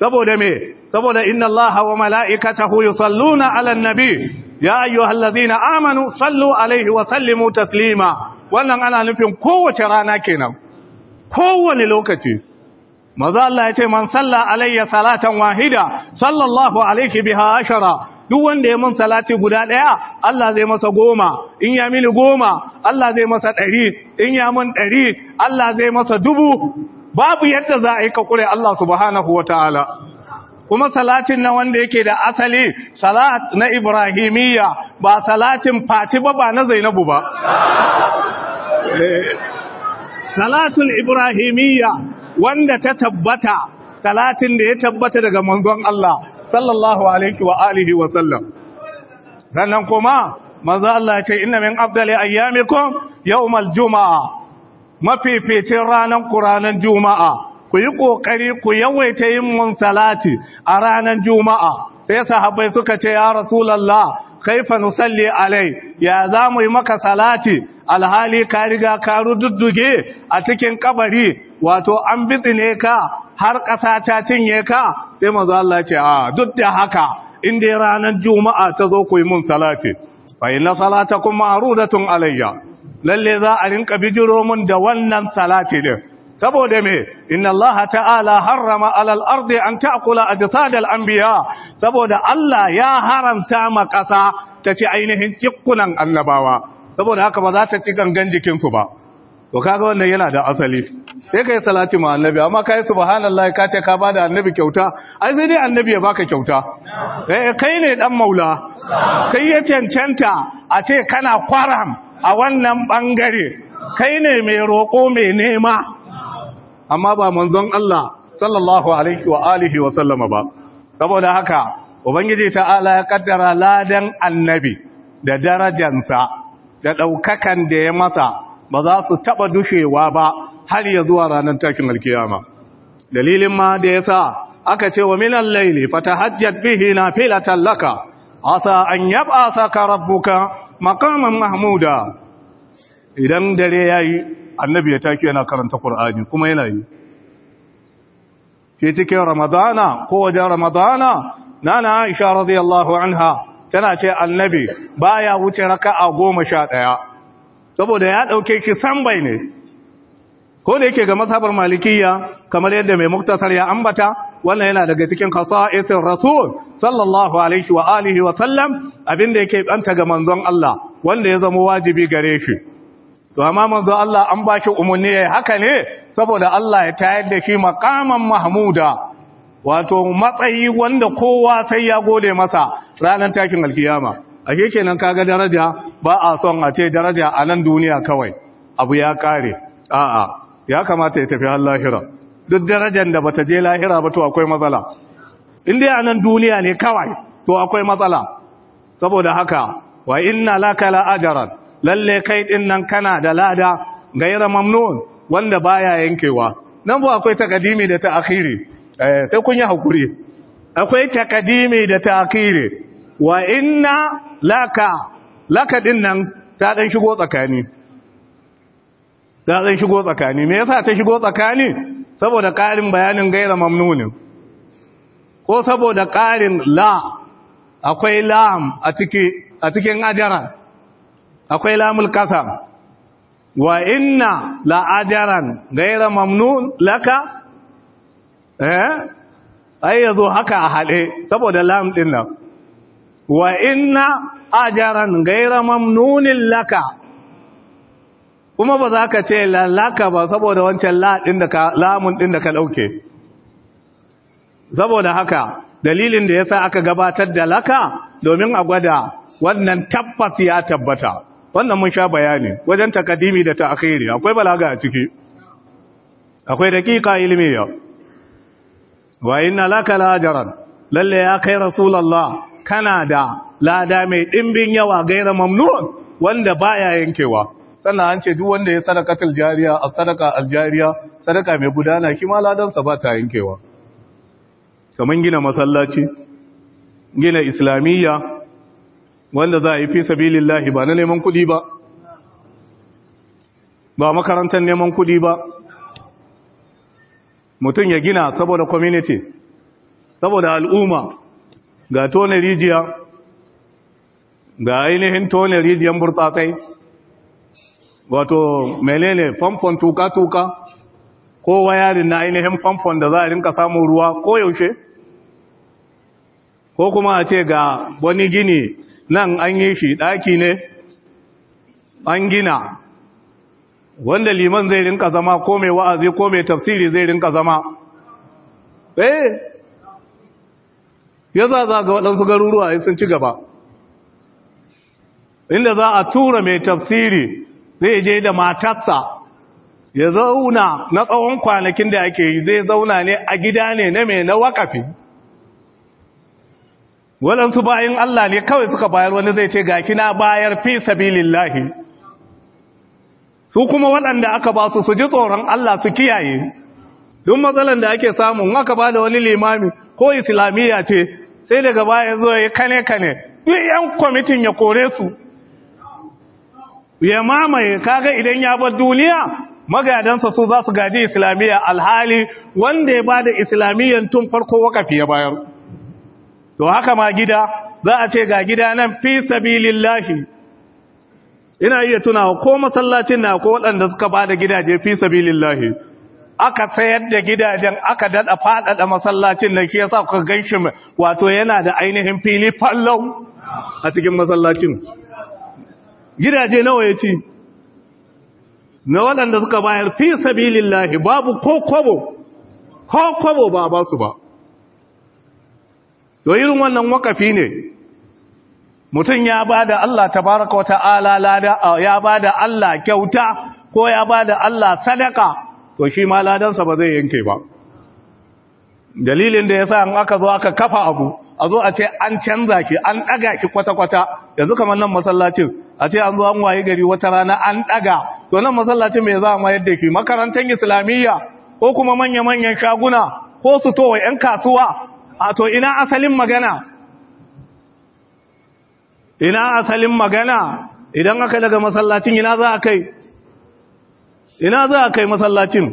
Speaker 1: saboda me saboda inna allaha wa mala'ikatahu yusalluna 'alan nabi ya ayyuhallazina amanu sallu alaihi wa sallimu taslima wannan ana nufin kowace rana kenan kowane lokaci maza Allah ya ce man salla alayya salatan wahida sallallahu alaihi biha ashara duk wanda ya mun salati guda daya Allah zai masa goma in ya mini goma Allah zai masa ɗari in ya mun ɗari Allah zai masa dubu babu yadda za a yi ka kure Allah subhanahu wata'ala kuma salatin na wanda yake da asali salat na ibrahimiyya ba salatin fati ba ba na zainabu ba eh, Salatin ibrahimiyya wanda ta tabbata salatin da ya tabbata daga manzon Allah sallallahu alaihi wa alihi wa sallam sannan kuma manzo Allah ya ce inna min afdali ayyamikum yawmal jumaa mafificin ranan quranan jumaa ku yi ƙoƙari ku yawaita yin mun salati a ranar juma'a sai sahabbai suka ce ya rasulallah kaifa nusalli alai ya za mu yi maka salati alhali ka riga ka rududduge a cikin kabari wato an bitsine ka har ƙasa ta cinye ka sai manzo Allah ce a duk da haka in dai ranar juma'a ta zo ku yi mun salati fa inna salatakum ma'rudatun alayya lalle za a rinka bijiro mun da wannan salati din saboda me inna allaha ta'ala harrama alal ardi an ta'kula ajsadal anbiya saboda allah ya haramta ma kasa ta ainihin cikkunan annabawa saboda haka ba za ta ci gangan jikin su ba to kaga wannan yana da asali sai kai salati ma annabi amma kai subhanallahi ka ce ka bada annabi kyauta ai sai dai annabi ya baka kyauta eh kai ne dan maula kai ya cancanta a ce kana kwaram a wannan bangare kai ne mai roko mai nema amma ba manzon Allah sallallahu alaihi wa alihi wa sallama ba saboda haka ubangiji ta'ala ya kaddara ladan annabi da darajansa da daukakan da ya masa ba za su taba dushewa ba har ya zuwa ranar takin alkiyama dalilin ma da yasa aka ce wa minal layli fatahajjat bihi nafilatan laka asa an yab'asaka rabbuka maqaman mahmuda idan dare yayi annabi ya tashi yana karanta Qur'ani kuma yana yi sai cikin Ramadana ko wajen Ramadana nana Aisha radiyallahu anha tana ce annabi baya wuce raka'a ɗaya. saboda ya dauke ki sambai ne ko da yake ga mas'abar malikiya kamar yadda mai muktasar ya ambata wannan yana daga cikin khasa'isir rasul sallallahu alaihi wa alihi wa sallam abinda yake banta ga manzon Allah wanda ya zama wajibi gare shi to amma manzo Allah an ba shi umarni yi haka ne saboda Allah ya tayar da shi maqaman mahmuda wato matsayi wanda kowa sai ya gode masa ranar takin alkiyama ashe kenan kaga daraja ba a son a ce daraja a nan duniya kawai abu ya kare a'a ya kamata ya tafi lahira duk darajar da bata je lahira ba to akwai matsala in dai a nan duniya ne kawai to akwai matsala saboda haka wa inna laka lalle kai din nan kana da lada gaira mamnun wanda baya yankewa nan ba akwai takadimi da ta'khiri eh, sai kun yi hakuri akwai takadimi da ta'khiri wa inna laka laka din nan ta dan shigo tsakani ta dan shigo tsakani me yasa ta shigo tsakani saboda karin bayanin gaira mamnunin ko saboda karin la akwai lam a cikin adara akwai lamul kasam wa inna la'ajaran gaira mamnun laka eh ai yazo haka a hade saboda lam din nan wa inna ajaran gaira mamnunin laka kuma ba za ka ce laka ba saboda wancan lamun ɗin da ka dauke saboda haka dalilin da ya sa aka gabatar da laka domin a gwada wannan tabbas ya tabbata wannan mun sha bayani wajen takadimi da ta'khiri akwai balaga a ciki akwai daqiqa ilmiya wa inna laka lajaran? lalle ya kai rasulullah kana da lada mai dimbin yawa gaira mamnun wanda baya yankewa sannan an ce duk wanda ya sadaka jariya a sadaka aljariya sadaka mai gudana shi ma sa ba ta yankewa kaman gina masallaci gina islamiyya wanda za a yi fi sabilillahi ba na neman kudi ba ba makarantar neman kudi ba mutum ya gina saboda community saboda al'umma ga tone rijiya ga ainihin tone rijiyan burtsatsai wato menene famfon tuka-tuka ko wayarin na ainihin famfon da za a rinka samun ruwa ko yaushe ko kuma a ce ga wani gini nan an yi shi ɗaki ne an gina wanda liman zai rinka zama ko mai wa'azi ko mai tafsiri zai rinka zama eh ya za ga waɗansu garuruwa sun ci gaba inda za a tura mai tafsiri zai je da matarsa ya zauna na tsawon kwanakin da ake yi zai zauna ne a gida ne na mai na wakafi waɗansu bayan Allah ne kawai suka bayar wani zai ce ga kina bayar fi sabilillahi su kuma waɗanda aka ba su su ji tsoron Allah su kiyaye don matsalan da ake samu aka ba da wani limami ko islamiyya ce sai daga baya zo ya kane kane duk yan kwamitin ya kore su ya mamaye kaga idan ya bar duniya magadansa su za su gaji islamiyya alhali wanda ya ba da islamiyyan tun farko wakafi ya bayar to haka ma gida za a ce ga gida nan fi sabilillahi ina iya tunawa ko masallacin na ko waɗanda suka bada gidaje fi sabilillahi aka sayar da gidajen aka dada faɗaɗa masallacin da ke yasa kuka ganshi wato yana da ainihin fili fallon a cikin masallacin gidaje nawa ya ci na waɗanda suka bayar fi sabilillahi babu ko kwabo ba ba su ba to irin wannan wakafi ne mutum ya ba da Allah tabaraka wata alalada lada ya ba da Allah kyauta ko ya ba da Allah sadaka to shi ma ladansa ba zai yanke ba dalilin da ya sa an aka zo aka kafa abu a zo a ce an canza ki an ɗaga ki kwata-kwata yanzu kamar nan masallacin a ce an zo an waye gari wata rana an ɗaga to nan masallacin mai za a mayar da ki makarantar islamiyya ko kuma manya-manyan shaguna ko su to wa 'yan kasuwa a to ina asalin magana ina asalin magana idan aka daga masallacin ina za a kai ina za a kai masallacin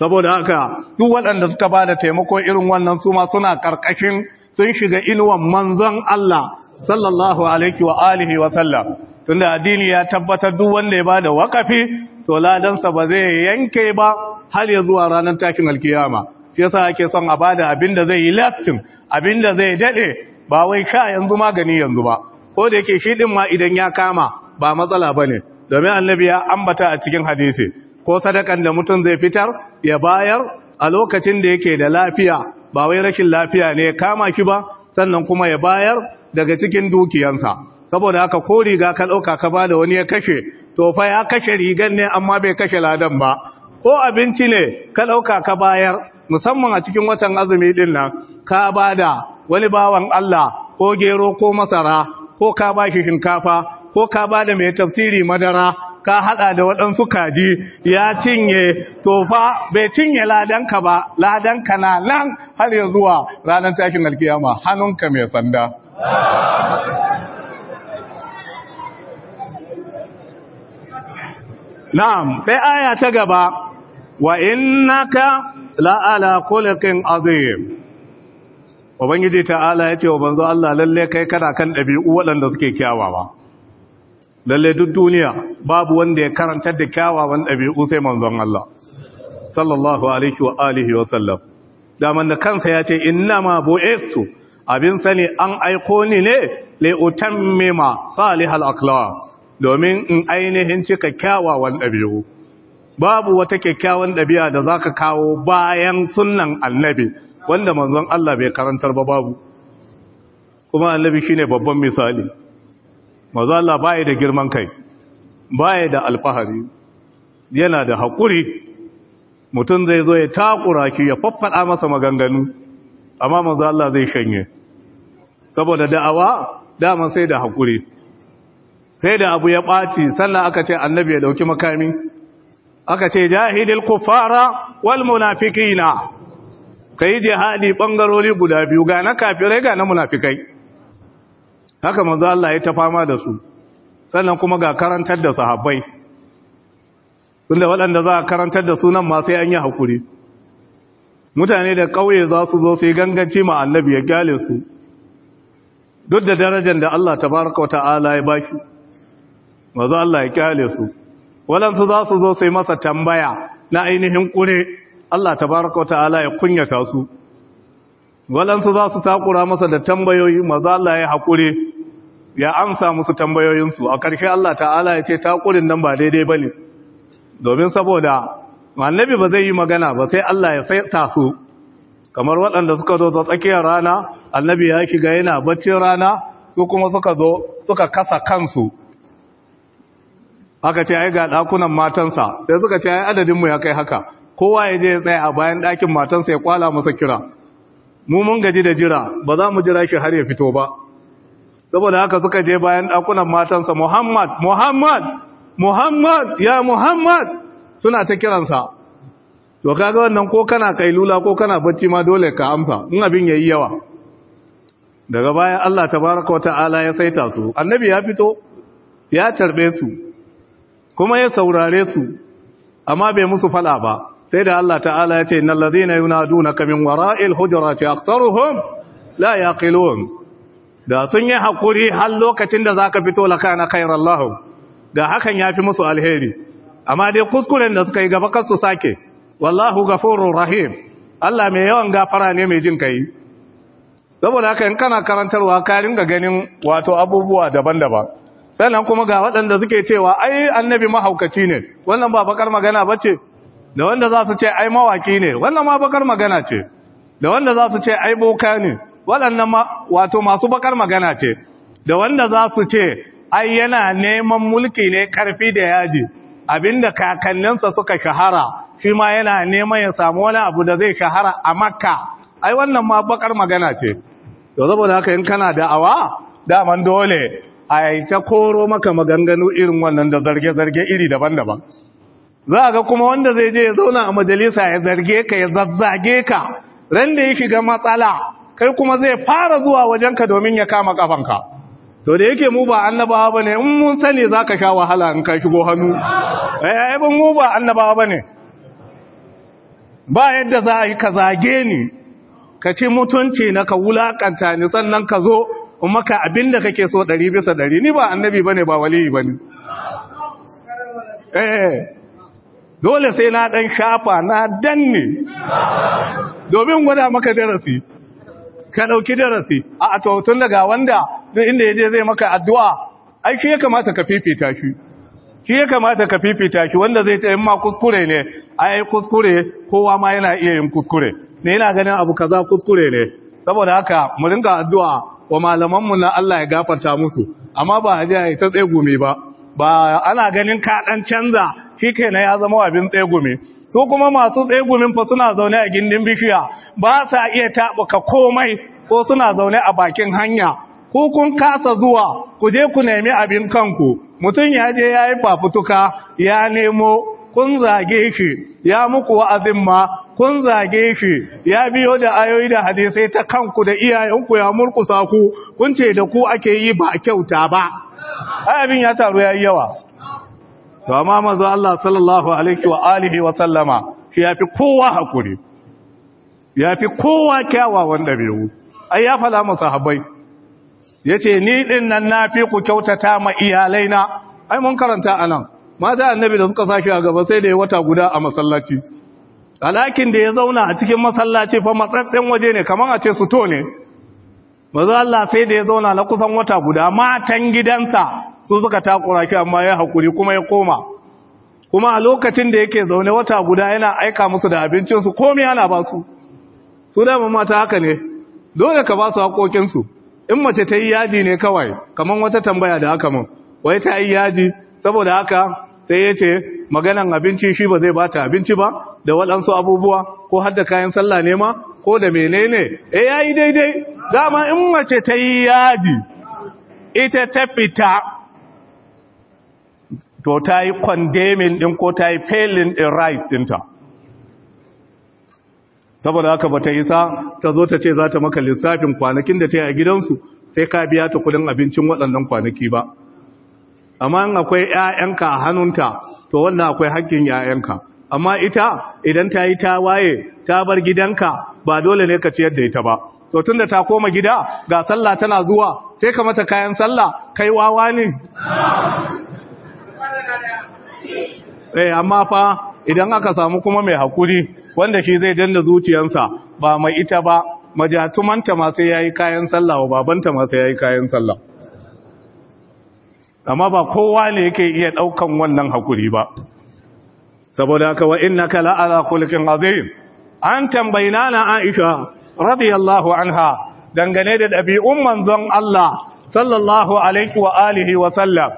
Speaker 1: saboda haka duk waɗanda suka ba da taimako irin wannan su ma suna ƙarƙashin sun shiga inuwan manzon Allah sallallahu alaihi wa alihi wa sallam tunda addini ya tabbatar duk wanda ya ba da waƙafi to ladansa ba zai yanke ba har ya zuwa ranar takin alkiyama shi yasa ake son a bada abin da zai yi laftin, abin da zai dade ba wai sha yanzu magani yanzu ba ko da yake shi din ma idan ya kama ba matsala bane domin annabi ya ambata a cikin hadisi ko sadakan da mutum zai fitar ya bayar a lokacin da yake da lafiya ba wai rashin lafiya ne ya kama shi ba sannan kuma ya bayar daga cikin dukiyansa saboda haka ko riga ka dauka ka bada wani ya kashe to fa ya kashe rigan ne amma bai kashe ladan ba ko abinci ne ka dauka ka bayar musamman a cikin watan azumi din nan ka bada wani bawan Allah ko gero ko masara ko ka bashi shinkafa ko ka bada mai tafsiri madara ka hada da waɗansu kaji ya cinye tofa bai cinye ladanka ba ladanka na nan har ya zuwa ranar tashin alkiyama hannunka mai sanda na'am sai aya ta gaba wa innaka la'ala kulakin azim ubangiji ta'ala ya ce wa banzo Allah lalle kai kana kan ɗabi'u waɗanda suke kyawawa lalle duk duniya babu wanda ya karantar da kyawawan ɗabi'u sai manzon Allah sallallahu alaihi wa alihi wa sallam daman da kansa ya ce inna ma bu'istu abin sani an aiko ni ne li utammima salihal akhlas domin in ainihin cika kyawawan ɗabi'u babu wata kyakkyawan ɗabi'a da za ka kawo bayan sunan annabi wanda manzon Allah bai karantar ba babu kuma annabi shine babban misali manzon Allah baya da girman kai baya da alfahari yana da haƙuri mutum zai zo ya takura ki ya faffaɗa masa maganganu amma manzon Allah zai shanye saboda da'awa dama sai da haƙuri sai da abu ya ɓaci sannan aka ce annabi ya ɗauki makami aka ce jahidil kufara wal munafiqina kai jihadi bangarori guda biyu ga na kafirai ga na munafikai haka manzo Allah ya ta fama da su sannan kuma ga karantar da sahabbai tunda waɗanda za a karantar da sunan ma sai an yi hakuri mutane da ƙauye za su zo sai ganganci ma annabi ya gyale su duk da darajar da Allah tabaraka ta'ala ya baki manzo Allah ya kyale su waɗansu za su zo su masa tambaya na ainihin ƙure Allah Ta tabaraka ta'ala ya kunyata su waɗansu za su takura masa da tambayoyi maza Allah ya haƙure ya amsa musu tambayoyinsu a ƙarshe Allah ta'ala ya ce takurin nan ba daidai ba ne domin saboda annabi ba zai yi magana ba sai Allah ya saita su kamar waɗanda suka zo ta tsakiyar rana annabi ya shiga yana baccin rana su kuma suka zo suka kasa kansu aka ce ai ga dakunan matansa sai suka ce ai adadin mu ya kai haka kowa ya je ya tsaya a bayan dakin matansa ya kwala masa kira mu mun gaji da jira ba za mu jira shi har ya fito ba saboda haka suka je bayan dakunan matansa Muhammad Muhammad Muhammad ya Muhammad suna ta kiransa to kaga wannan ko kana kai lula ko kana bacci ma dole ka amsa in abin yayi yawa daga baya Allah tabaaraka wa ta'ala ya saita su annabi ya fito ya tarbe su kuma ya saurare su amma bai musu fada ba sai da Allah ta'ala ya ce innal ladhina yunadunaka min wara'il hujurati aktharuhum la yaqilun da sun yi hakuri har lokacin da zaka fito lakana khairallahu da hakan yafi musu alheri amma dai kuskuren da suka yi gaba kansu sake wallahu ghafurur rahim Allah mai yawan gafara ne mai jin kai saboda haka in kana karantarwa ka ringa ganin wato abubuwa daban-daban sannan kuma ga waɗanda suke cewa ai annabi mahaukaci ne wannan ba bakar magana ba ce da wanda za su ce ai mawaki ne wannan ma bakar magana ce da wanda za su ce ai boka ne waɗannan ma wato masu bakar magana ce da wanda za su ce ai yana neman mulki ne karfi da yaji abinda kakanninsa suka shahara shi ma yana neman ya samu wani abu da zai shahara a makka ai wannan ma bakar magana ce to saboda haka in kana da'awa daman dole a ta koro maka maganganu irin wannan da zarge-zarge iri daban-daban za ga kuma wanda zai je ya zauna a majalisa ya zarge ka ya zazzage ka ran da ya shiga matsala kai kuma zai fara zuwa wajenka domin ya kama kafanka to da yake mu ba annabawa bane in mun sani za ka sha wahala in ka shigo hannu eh mu ba annabawa bane ba yadda za a yi ka zage ni ka ci mutunci na ka wulakanta ni sannan ka zo in abinda kake so ɗari bisa ɗari ni ba annabi ba ne ba waliyi ba ne eh, dole sai na ɗan shafa na danne domin gwada maka darasi ka ɗauki darasi a atautun daga wanda duk inda ya je zai maka addu'a ai shi ya kamata ka fifita shi shi ya kamata ka fifita shi wanda zai ta yin ma kuskure ne ai kuskure kowa ma yana iya yin kuskure ne yana ganin abu kaza kuskure ne saboda haka mu ringa addu'a wa malamanmu na Allah ya gafarta musu amma ba a jiya ta tsegumi ba ba ana ganin kaɗan canza shi kenan ya zama abin tsegumi su kuma masu tsegumin fa suna zaune a gindin bishiya ba sa iya tabuka komai ko suna zaune a bakin hanya ko kun kasa zuwa ku je ku nemi abin kanku mutum ya je ya yi fafutuka ya nemo kun zage shi ya muku wa'azin ma kun zage shi ya biyo da ayoyi da hadisai ta kanku da iyayenku ya murkusa ku kun ce da ku ake yi ba kyauta ba ai abin ya taru yayi yawa to amma manzo Allah sallallahu alaihi wa alihi wa sallama shi yafi kowa hakuri yafi kowa kyawawan dabi'u ai ya fala mu sahabbai yace ni din nan nafi ku kyautata ma iyalaina ai mun karanta anan mata annabi da suka sashi a gaba sai da ya wata guda a masallaci alakin da ya zauna a cikin masallaci fa matsatsen waje ne kamar a ce su suto ne mazu Allah sai da ya zauna na kusan wata guda matan gidansa su suka takura ki amma ya hakuri kuma ya koma kuma a lokacin da yake zaune wata guda yana aika musu da abincinsu komai ana ba su su dama mata haka ne dole ka ba su haƙoƙinsu in mace ta yi yaji ne kawai kamar wata tambaya da haka mun wai ta yi yaji saboda haka sai ya ce maganan abinci shi ba zai bata abinci ba da waɗansu abubuwa ko har da kayan sallah ne ma ko da menene eh yayi daidai dama in mace ta yi yaji ita ta fita to ta yi condemning din ko ta yi failing in right dinta saboda haka bata yi sa ta zo ta ce za ta maka lissafin kwanakin da ta yi a gidansu sai ka biya ta kudin abincin waɗannan kwanaki ba amma akwai 'ya'yanka a hannunta to wannan akwai haƙƙin 'ya'yanka amma ita idan ta yi ta waye ta bar gidanka ba dole ne ka ciyar da ita ba to tunda ta koma gida ga sallah tana zuwa sai ka mata kayan sallah kai wawa ne eh amma fa idan aka samu kuma mai hakuri wanda shi zai danda zuciyarsa ba mai ita ba majatumanta ma sai yayi kayan sallah wa babanta ma sai yayi kayan sallah amma ba kowa ne yake iya daukan wannan hakuri ba saboda haka wa innaka la ala khuluqin azim an tambayi na Aisha radiyallahu anha dangane da dabi'un manzon Allah sallallahu alaihi wa alihi wa sallam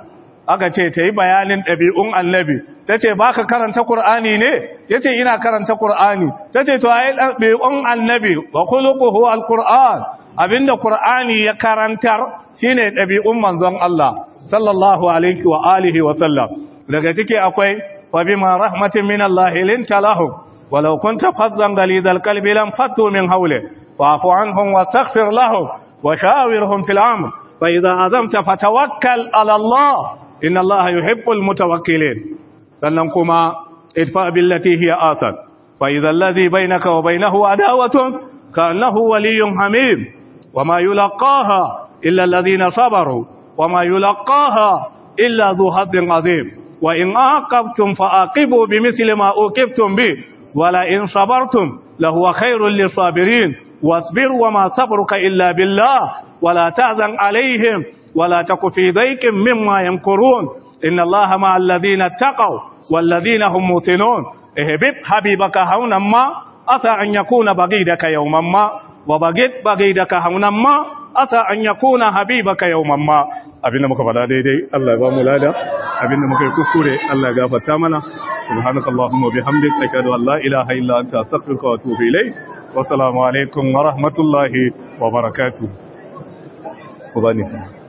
Speaker 1: aka ce tayi bayanin dabi'un annabi tace baka karanta qur'ani ne yace ina karanta qur'ani tace to ayi dabi'un annabi wa khuluquhu alquran abinda qur'ani ya karantar shine dabi'un manzon Allah sallallahu alaihi wa alihi wa sallam daga ciki akwai وبما رحمة من الله لنت لهم ولو كنت فظا غليظ القلب لانفضوا من حوله واعف عنهم واستغفر لهم وشاورهم في الأمر فإذا عزمت فتوكل على الله إن الله يحب المتوكلين فلنقما ادفع بالتي هي آثر فإذا الذي بينك وبينه عداوة كأنه ولي حميم وما يلقاها إلا الذين صبروا وما يلقاها إلا ذو حظ عظيم wa in aqabtum fa aqibu bimithli ma uqibtum bi wala in sabartum lahuwa khairul lisabirin wasbir wa ma sabruka illa billah wala ta'zan alaihim wala taku fi min mimma yamkurun inna allaha ma alladhina taqaw wal ladhina hum mutinun ihbib habibaka haunamma asa an yakuna bagidaka yawman ma wa bagid bagidaka haunamma asa an yakuna habibaka yawman ma abinda muka faɗa daidai Allah ya ba mu lada abinda muka yi kuskure Allah ya gafarta mana subhanakallahumma wa bihamdik ashhadu an la ilaha illa anta astaghfiruka wa atubu ilayk wa assalamu alaikum wa rahmatullahi wa barakatuh ku bani